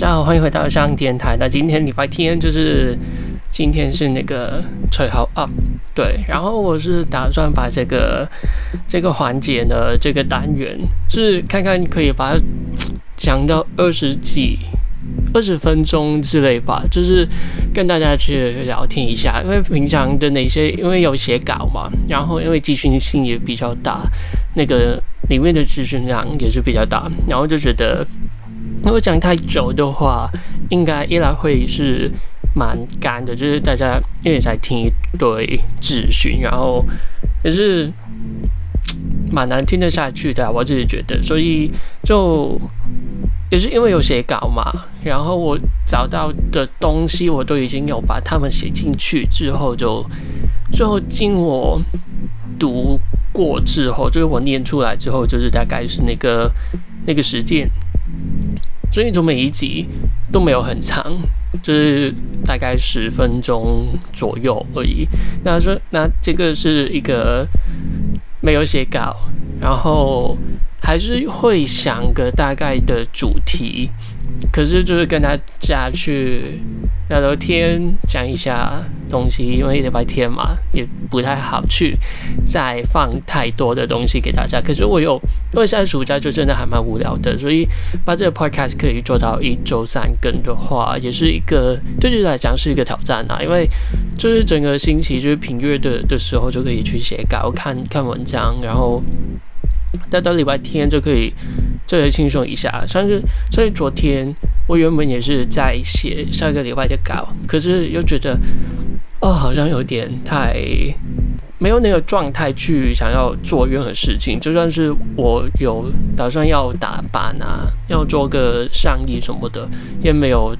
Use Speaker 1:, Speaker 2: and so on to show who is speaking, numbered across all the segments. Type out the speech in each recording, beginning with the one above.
Speaker 1: 大家好，歡迎回到上天台。那今天禮拜天就是今天是那個隨口 up，對。然後我是打算把這個這個環節呢，這個單元，就是看看可以把它講到二十幾二十分鐘之類吧，就是跟大家去聊天一下。因為平常的那些，因為有寫稿嘛，然後因為資訊性也比較大，那個裡面的資訊量也是比較大，然後就覺得。如果講太久的話，應該依然會是蠻乾的，就是大家一直在聽一堆資訊，然後也是蠻難聽得下去的。我自己覺得，所以就也是因為有寫稿嘛，然後我找到的東西，我都已經有把它們寫進去之後就，就最後經我讀過之後，就是我念出來之後，就是大概是那個那個時間。所以，總每一集都沒有很長，就是大概十分鐘左右而已。那說，那這個是一個沒有寫稿，然後還是會想個大概的主題。可是就是跟大家去聊聊天，講一下東西，因為禮拜天嘛，也不太好去，再放太多的東西給大家。可是我有，因為現在暑假就真的還蠻無聊的，所以把這個 podcast 可以做到一周三更的話，也是一個對自己、就是、來講是一個挑戰啦、啊，因為就是整個星期就是平日的的時候就可以去寫稿、看看文章，然後再到禮拜天就可以。這也輕鬆一下，算是。所以昨天我原本也是在寫下個禮拜的稿，可是又覺得，哦，好像有點太沒有那個狀態去想要做任何事情。就算是我有打算要打扮啊，要做個上衣什麼的，也沒有，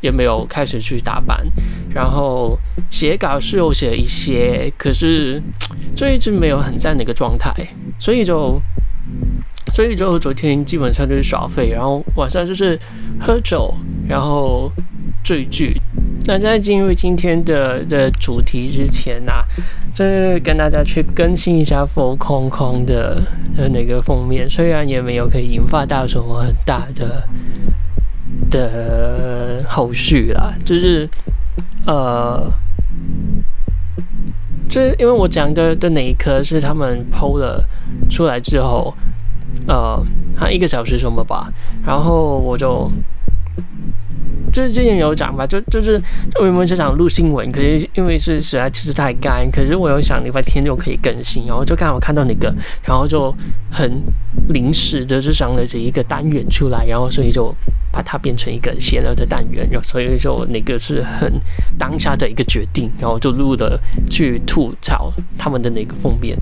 Speaker 1: 也沒有開始去打扮。然後寫稿是有寫一些，可是，這一直沒有很在那個狀態，所以就。所以，就昨天基本上就是耍廢，然後晚上就是喝酒，然後追劇。那在進入今天的的主題之前，啊、就是跟大家去更新一下《Vogue Hong Kong》的、的那個封面，雖然也沒有可以引發到什麼很大的的後續啦，就是呃，這、就是、因為我講的的那一刻是他們 po 了出來之後。呃，還一個小時什麼吧，然後我就，就是之前有講吧，就就，就，就明明是為什麼想錄新聞，可是因為是實在其實太乾，可是我又想禮拜天就可以更新，然後就剛好看到那個，然後就很臨時的就想着這一個單元出來，然後所以就。把它變成一個邪惡的單元，然後所以就那個是很當下的一個決定，然後就錄的去吐槽他們的那個封面，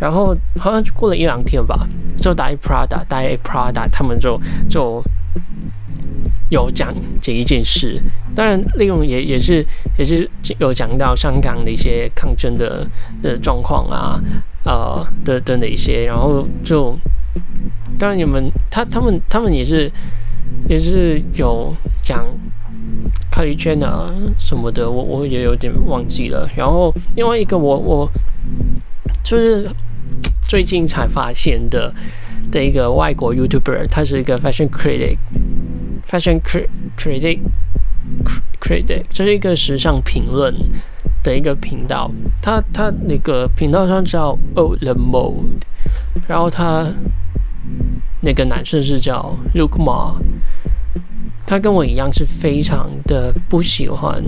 Speaker 1: 然後好像就過了一兩天吧，就打一 Prada，打一 Prada，他們就就有講這一件事，當然內容也也是也是有講到香港的一些抗爭的的狀況啊，呃的的哪些，然後就當然你們他他們他們也是。也是有講 Curly China 什麼的，我我也有點忘記了。然後另外一個我，我我就是最近才發現的的一個外國 YouTuber，他是一個 Fashion Critic，Fashion cri, Crit Critic Critic，這是一個時尚評論的一個頻道。他他那個頻道上叫《Old Mode》，然後他那個男生是叫 Luke Ma。他跟我一樣是非常的不喜歡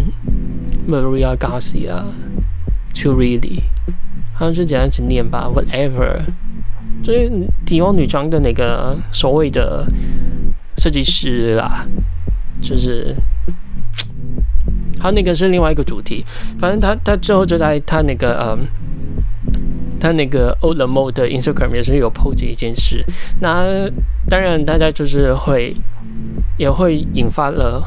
Speaker 1: Maria Garcia，To Really，好像是這樣子念吧。Whatever，所以迪奧女裝的那個所謂的設計師啦，就是，他那個是另外一個主題。反正他他之後就在他那個、呃、他那個 Older Mode 的 Instagram 也是有 po 這一件事。那當然大家就是會。也會引發了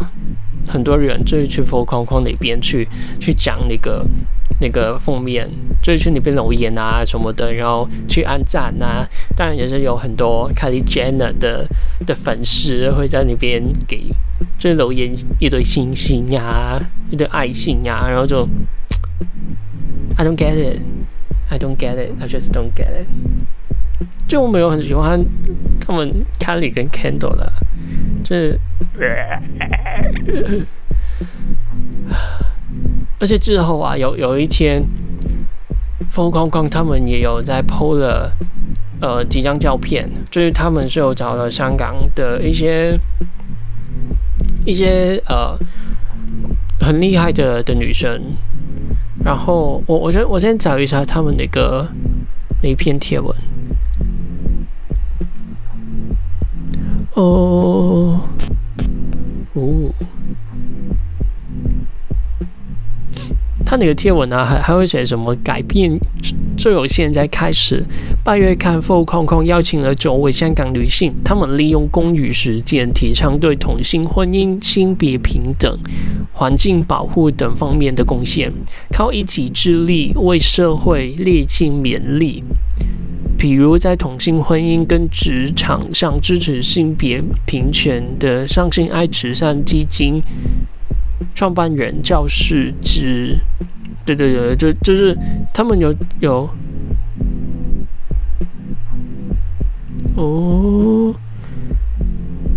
Speaker 1: 很多人，就是去佛框框裡邊去去講那個那個封面，就是去那邊留言啊什麼的，然後去按讚啊。當然也是有很多 Kylie Jenner 的的粉絲會在那邊給，就是留言一堆星星呀、啊，一堆愛心呀、啊，然後就 I don't get it, I don't get it, I just don't get it。就我沒有很喜歡他們 Kylie 跟 Kendall 的。這， 而且之後啊，有有一天，風光光他們也有在 Po 了呃幾張照片，就是他們是有找到香港的一些一些呃很厲害的的女生，然後我我先我先找一下他們的、那個那一篇貼文哦。Oh 哦，哦，他那個貼文呢、啊？還還會寫什麼改變？就由現在開始，八月看 f 刊《富空空》邀請了九位香港女性，她們利用工餘時間，提倡對同性婚姻、性別平等、環境保護等方面的貢獻，靠一己之力為社會力盡綿力。比如在同性婚姻跟職場上支持性別平權的上性愛慈善基金創辦人教師之，對對對，就就是他們有有哦，哦，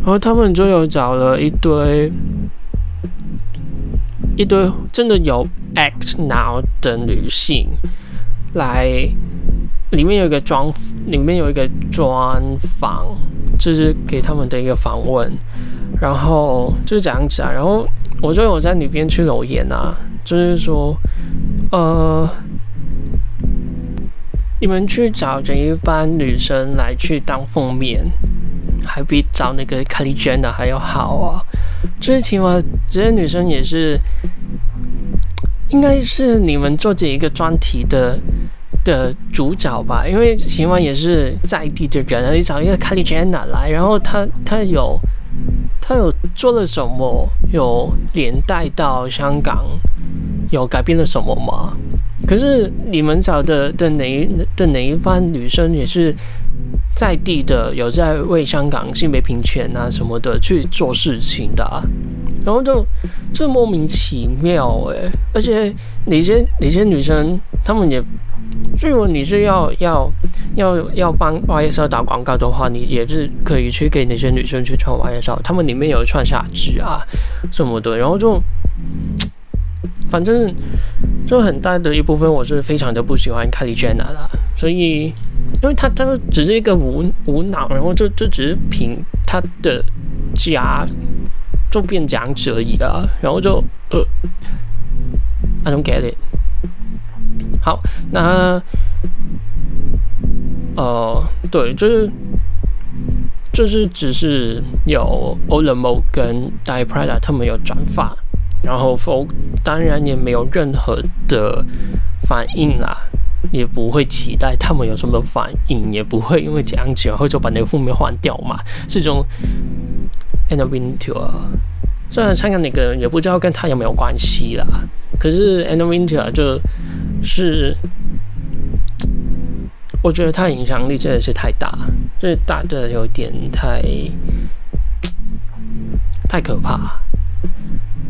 Speaker 1: 然後他們就有找了一堆一堆真的有 X now 的女性來。裡面有一個專，裡面有一個專訪，就是給他們的一個訪問，然後就是這樣子啊。然後我就有在裡邊去留言啊，就是說，呃，你們去找這一班女生來去當封面，還比找那個 Kelly Jane 的還要好啊。最，就是，起碼這些女生也是，應該是你們做這一個專題的。的主角吧，因為秦王也是在地的人，你找一個 Kylie Jenner 來，然後他他有他有做了什麼，有連帶到香港，有改變了什麼嗎？可是你們找的的哪一的哪一班女生也是在地的，有在為香港性別平權啊什麼的去做事情的啊，然後就就莫名其妙誒，而且哪些哪些女生，她們也。如果你是要要要要幫 YSL 打廣告的話，你也是可以去給那些女生去穿 YSL，他們裡面有穿下肢啊，什麼的，然後就，反正就很大的一部分我是非常的不喜歡 Kylie Jenner 的，所以，因為她她只是一個無無腦，然後就就只是憑她的假就變講者而已的、啊，然後就呃，I don't get it。好，那呃，對，就是就是只是有 Olmo 跟 Di Prada 他們有轉發，然後否，當然也沒有任何的反應啦，也不會期待他們有什麼反應，也不會因為這樣子會說把那個封面換掉嘛。這種 Anna Wintour 雖然參加那個也不知道跟他有沒有關係啦，可是 Anna Wintour 就。是，我覺得他影響力真的是太大了。這大的有點太太可怕。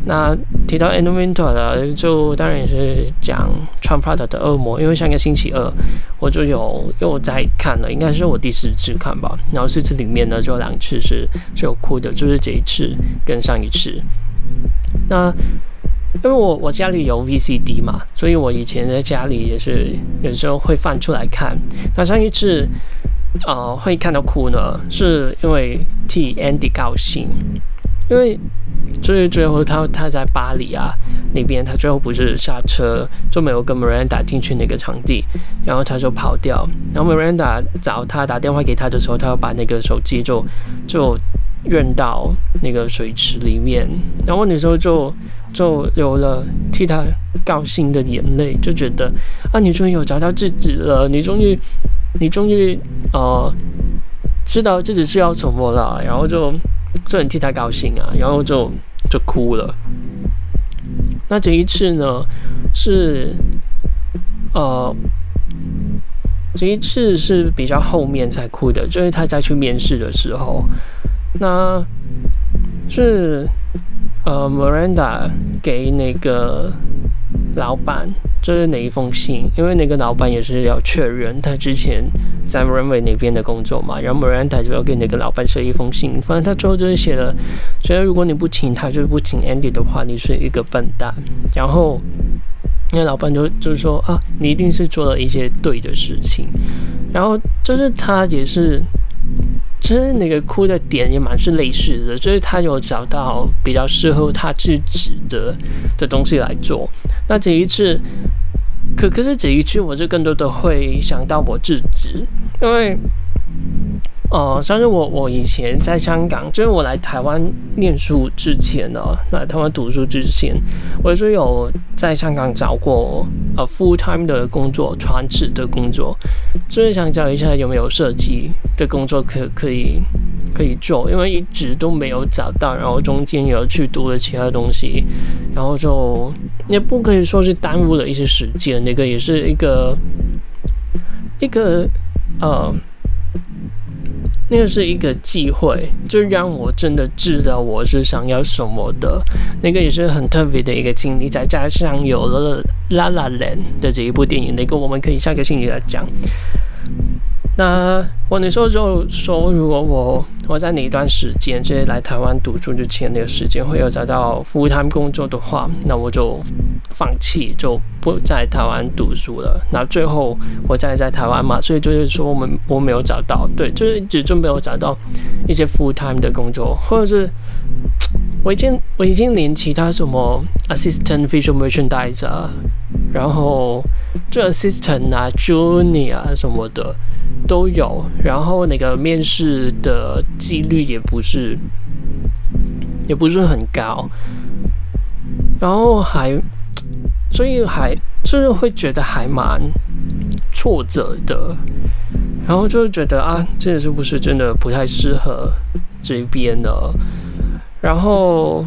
Speaker 1: 那提到 End、erm《End Winter》呢，就當然也是講穿 Prada 的惡魔。因為上個星期二，我就有又在看了，應該是我第四次看吧。然後四次裡面呢，就兩次是最有哭的，就是這一次跟上一次。那因為我我家裡有 VCD 嘛，所以我以前在家裡也是有時候會放出來看。那上一次，啊、呃，會看到哭呢，是因為替 Andy 高興，因為就是最後他他在巴黎啊那邊，他最後不是下車就沒有跟 Miranda 進去那個場地，然後他就跑掉，然後 Miranda 找他打電話給他的時候，他要把那個手機就就。就扔到那個水池裡面，然後那時候就就流了替他高興的眼淚，就覺得啊，你終於有找到自己了，你終於你終於呃知道自己是要什麼了，然後就就很替他高興啊，然後就就哭了。那這一次呢，是呃，這一次是比較後面才哭的，就是他在去面試的時候。那是呃，Miranda 給那個老板，就是哪一封信？因為那個老板也是要確認他之前在 Runway 那邊的工作嘛。然後 Miranda 就要給那個老板寫一封信。反正他最後就是寫了，覺得如果你不請他，就不請 Andy 的話，你是一個笨蛋。然後那個老板就就是說啊，你一定是做了一些對的事情。然後就是他也是。其實那個哭的點也蠻是類似的，就是他有找到比較適合他自己的的東西來做。那這一次，可可是這一次我就更多的會想到我自己，因為。哦、呃，像是我，我以前在香港，就是我來台灣念書之前哦、啊，來台灣讀書之前，我是有在香港找過呃 full time 的工作，全職的工作，就是想找一下有沒有設計的工作可可以可以做，因為一直都沒有找到，然後中間有去讀了其他東西，然後就也不可以說是耽誤了一些時間，那個也是一個一個呃。那個是一個機會，就讓我真的知道我是想要什麼的。那個也是很特別的一個經歷，再加上有了《La La Land》的這一部電影，那個我們可以下個星期來講。那。我那時候就說，如果我我在那一段時間，即、就是、來台灣讀書之前那個時間，會有找到 full time 工作的話，那我就放棄，就不在台灣讀書了。那最後我再在，在台灣嘛，所以就是說我，我們我沒有找到，對，就是一直沒有找到一些 full time 的工作，或者是我已經我已經連其他什麼 assistant visual merchandiser 啊，然後就 assistant 啊，junior 啊什麼的。都有，然後那個面試的幾率也不是，也不是很高，然後還，所以還就是會覺得還蠻挫折的，然後就是覺得啊，這個是不是真的不太適合這邊呢？然後，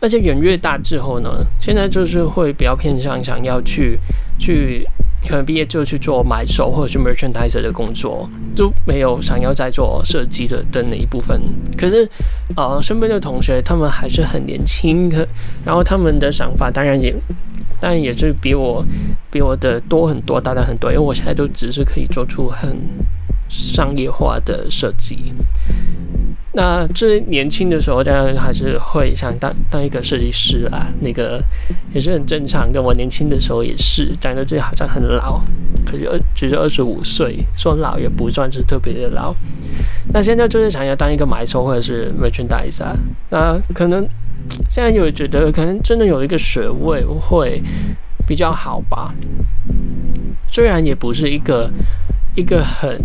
Speaker 1: 而且人越大之後呢，現在就是會比較偏向想要去去。可能畢業就去做買手或者是 merchandiser 的工作，就沒有想要再做設計的的那一部分。可是，呃，身邊的同學他們還是很年輕的，然後他們的想法當然也，但也是比我，比我的多很多，大的很多。因為我現在都只是可以做出很商業化的設計。那最年輕的時候，當然還是會想當當一個設計師啊，那個也是很正常的。跟我年輕的時候也是，長得自己好像很老，可是二其實二十五歲，說老也不算是特別的老。那現在就是想要當一個買手或者是 merchandise 啊，那可能現在就覺得可能真的有一個學位會比較好吧，雖然也不是一個一個很。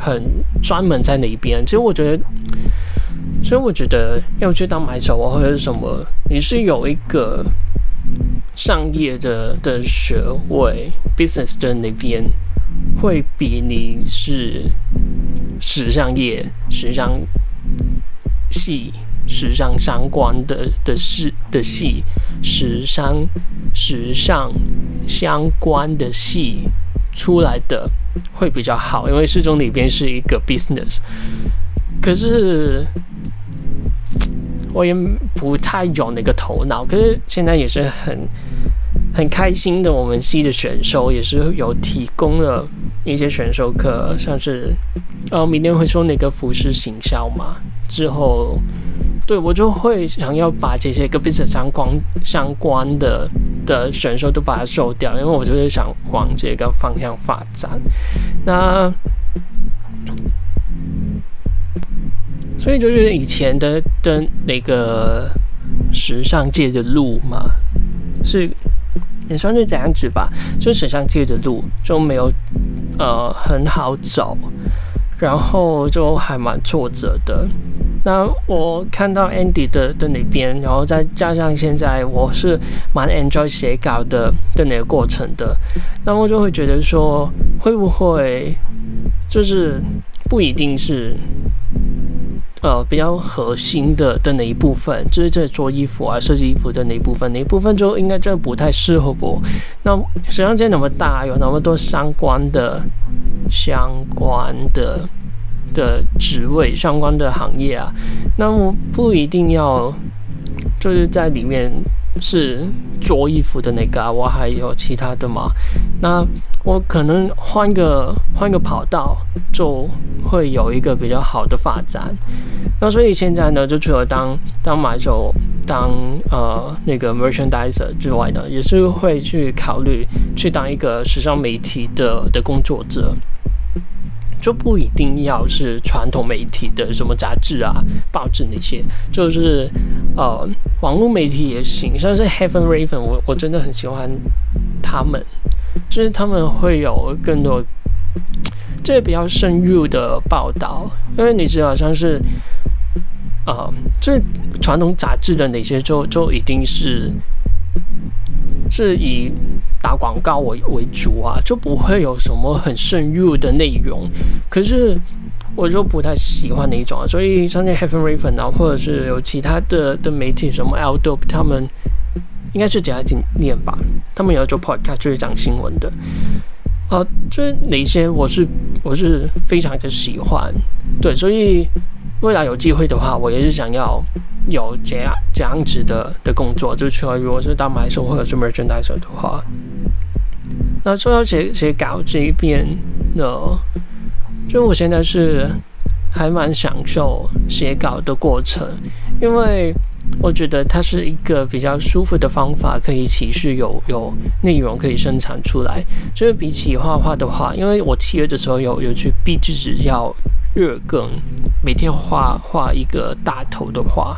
Speaker 1: 很專門在那邊？其實我覺得，所以我覺得要去當買手啊，或者是什麼，你是有一個商業的的學位，business 的那邊，會比你是時尚業、時尚系、時尚相關的的系的系、時尚時尚相關的系，出來的會比較好，因為市中裡邊是一個 business，可是我也不太有那個頭腦，可是現在也是很很開心的。我們系的選修也是有提供了一些選修課，像是，呃、哦，明天會說那個服飾行銷嘛，之後。對，所以我就會想要把這些跟 business 相關相關的相關的，的選手都把它收掉，因為我就是想往這個方向發展。那所以就是以前的的那個時尚界的路嘛，是也算是這樣子吧，就時尚界的路就沒有呃很好走，然後就還蠻挫折的。那我看到 Andy 的的那邊，然後再加上現在我是蠻 enjoy 寫稿的的那個過程的，那我就會覺得說，會不會就是不一定是呃比較核心的的那一部分，就是這做衣服啊、設計衣服的那一部分，那一部分就應該就不太適合我。那時尚界那麼大，有那麼多相關的、相關的，的職位，相關的行業啊，那我不一定要就是在裡面是做衣服的那個、啊，我還有其他的嘛。那我可能換個換個跑道，就會有一個比較好的發展。那所以現在呢，就除了當當買手、當呃那個 merchandiser 之外呢，也是會去考慮去當一個時尚媒體的的工作者。就不一定要是傳統媒體的什麼雜誌啊、報紙那些，就是呃，網絡媒體也行，像是 He Raven，《Heaven Raven》，我我真的很喜歡他們，就是他們會有更多，這個、比較深入的報道，因為你知道，像是啊，這、呃、傳統雜誌的那些就就一定是是以打廣告為為主啊，就不會有什麼很深入的內容。可是我就不太喜歡那一種啊，所以像是 Heaven Raven 啊，或者是有其他的的媒體，什麼 L Dope 他們，應該是講財經吧，他們也要做 Podcast 就是講新聞的啊。是哪些我是我是非常的喜歡，對，所以未來有機會的話，我也是想要。有這樣這樣子的的工作，就說如果是大買手或者是 merchandiser 的話，那說到寫寫稿這一邊呢，就我現在是還蠻享受寫稿的過程，因為我覺得它是一個比較舒服的方法，可以其實有有內容可以生產出來。就是比起畫畫的話，因為我七月的時候有有去逼自己要。日更，每天畫畫一個大頭的畫，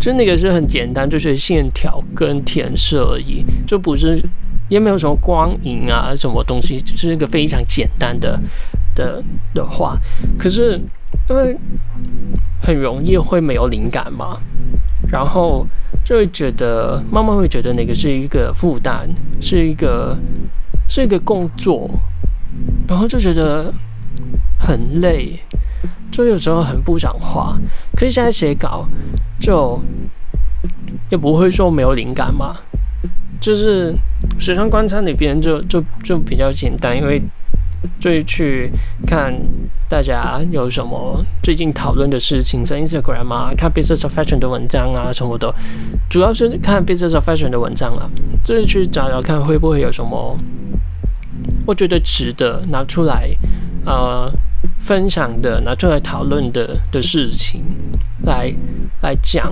Speaker 1: 就那個是很簡單，就是線條跟填色而已，就不是也沒有什麼光影啊什麼東西，只、就是一個非常簡單的的的畫。可是因為很容易會沒有靈感嘛，然後就會覺得慢慢會覺得那個是一個負擔，是一個是一個工作，然後就覺得。很累，就有時候很不講話。可是現在寫稿，就也不會說沒有靈感嘛。就是時尚觀察裡邊就就就比較簡單，因為就去看大家有什麼最近討論的事情，在 Instagram 啊，看 Business of Fashion 的文章啊，什麼的，主要是看 Business of Fashion 的文章了、啊，就是去找找看會不會有什麼我覺得值得拿出來。呃，分享的拿出來，討論的的事情，來來講，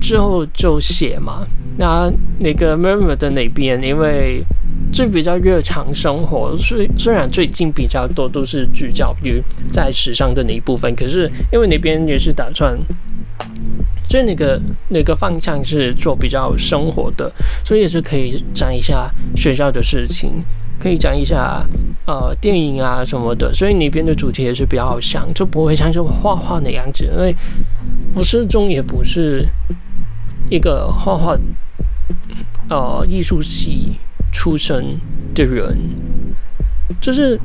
Speaker 1: 之後就寫嘛。那那個 Murmur 的那邊，因為這比較日常生活，雖雖然最近比較多都是聚焦於在時尚的那一部分，可是因為那邊也是打算，所以那個那個方向是做比較生活的，所以也是可以講一下學校的事情。可以講一下，呃，電影啊什麼的，所以裡邊的主題也是比較好想，就不會像是畫畫的樣子，因為我始終，也不是一個畫畫，呃，藝術系出身的人，就是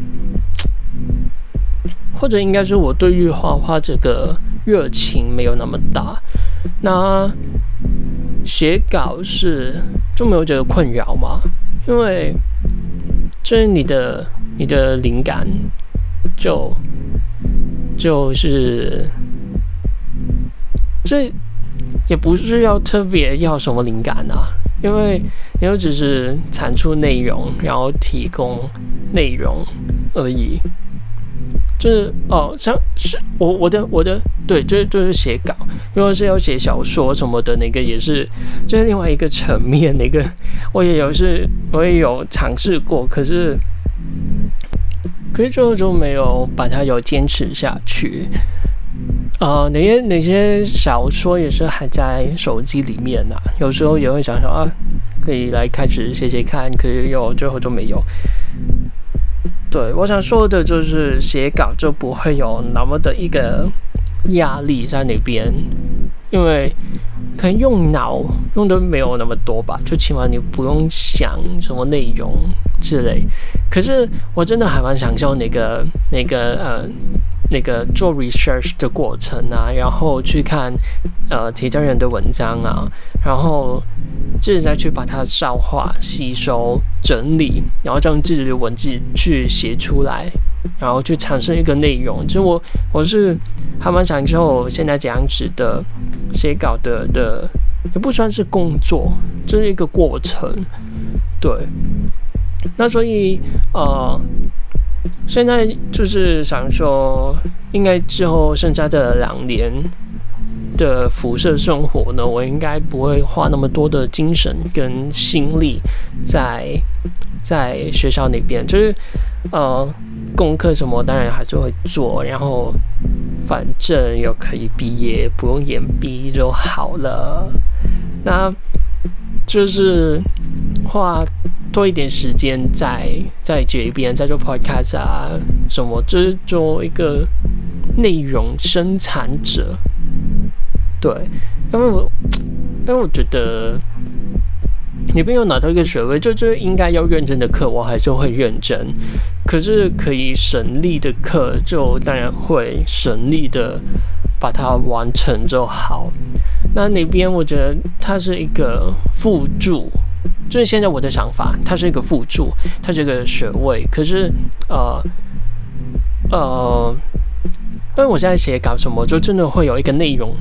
Speaker 1: 或者應該是我對於畫畫這個熱情沒有那麼大，那寫稿是就沒有這個困擾嗎？因為所以你的你的靈感就就是，這也不是要特別要什麼靈感啊，因為你就只是產出內容，然後提供內容而已，就是哦，像是我我的我的。我的對，這就，就是寫稿，如果是要寫小說什麼的，那個也是，就是另外一個層面那個，我也有是，我也有嘗試過，可是，可是最後就沒有把它有堅持下去。啊、呃，哪些哪些小說也是還在手機裡面呢，啊？有時候也會想想啊，可以來開始寫寫，寫看，可是又最後就沒有。對，我想說的就是，寫稿就不會有那麼的一個。壓力在那邊。因為可能用腦用的沒有那麼多吧，就起碼你不用想什麼內容之類。可是我真的還蠻享受那個那個呃那個做 research 的過程啊，然後去看呃其他人的文章啊，然後。自己再去把它消化、吸收、整理，然後再用自己的文字去寫出來，然後去產生一個內容。其實我我是還蠻想，就現在這樣子的寫稿的的，也不算是工作，就是一個過程。對。那所以呃，現在就是想說，應該之後剩下的兩年。的輻射生活呢？我應該不會花那麼多的精神跟心力在在學校那邊，就是呃功課什麼當然還是會做，然後反正又可以畢業，不用延畢就好了。那就是花多一點時間在在這一邊，在做 podcast 啊什麼，就是做一個內容生產者。對，因為我，因為我覺得，那邊有拿到一個學位，就就應該要認真的課，我還是會認真。可是可以省力的課，就當然會省力的把它完成就好。那那邊我覺得它是一個輔助，就是現在我的想法，它是一個輔助，它是一個學位。可是，呃，呃，因為我現在寫稿什麼，就真的會有一個內容。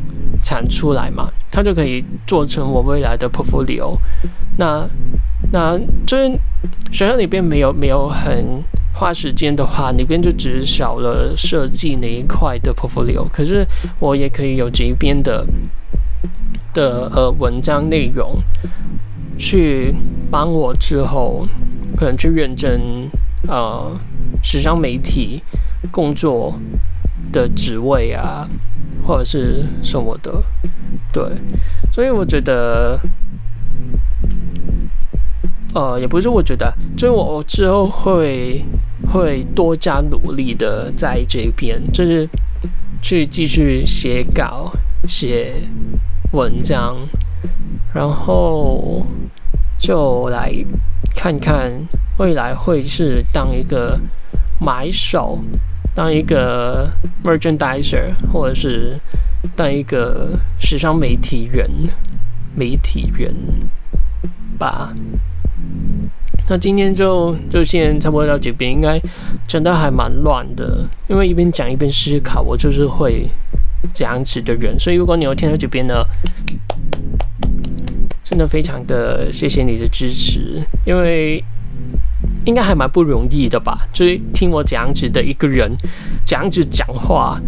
Speaker 1: 產出來嘛，它就可以做成我未來的 portfolio。那那就是，學校裡邊沒有沒有很花時間的話，裡邊就只少了設計那一塊的 portfolio。可是我也可以有這一邊的的呃文章內容去幫我之後，可能去認證呃時尚媒體工作的職位啊。或者是什麼的，對，所以我覺得，呃，也不是我覺得，所以我我之後會會多加努力的，在這邊就是去繼續寫稿、寫文章，然後就來看看未來會是當一個買手，當一個 merchandiser，或者是當一個時尚媒體人、媒體人吧。那今天就就先差不多到這邊，應該真的還蠻亂的，因為一邊講一邊思考，我就是會這樣子的人。所以如果你有聽到這邊呢，真的非常的謝謝你的支持，因為。應該還蠻不容易的吧？就是聽我這樣子的一個人，這樣子講話，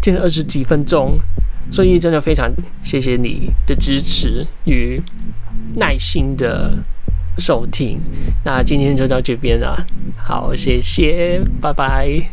Speaker 1: 聽了二十幾分鐘，所以真的非常謝謝你的支持與耐心的收聽。那今天就到這邊了，好，謝謝，拜拜。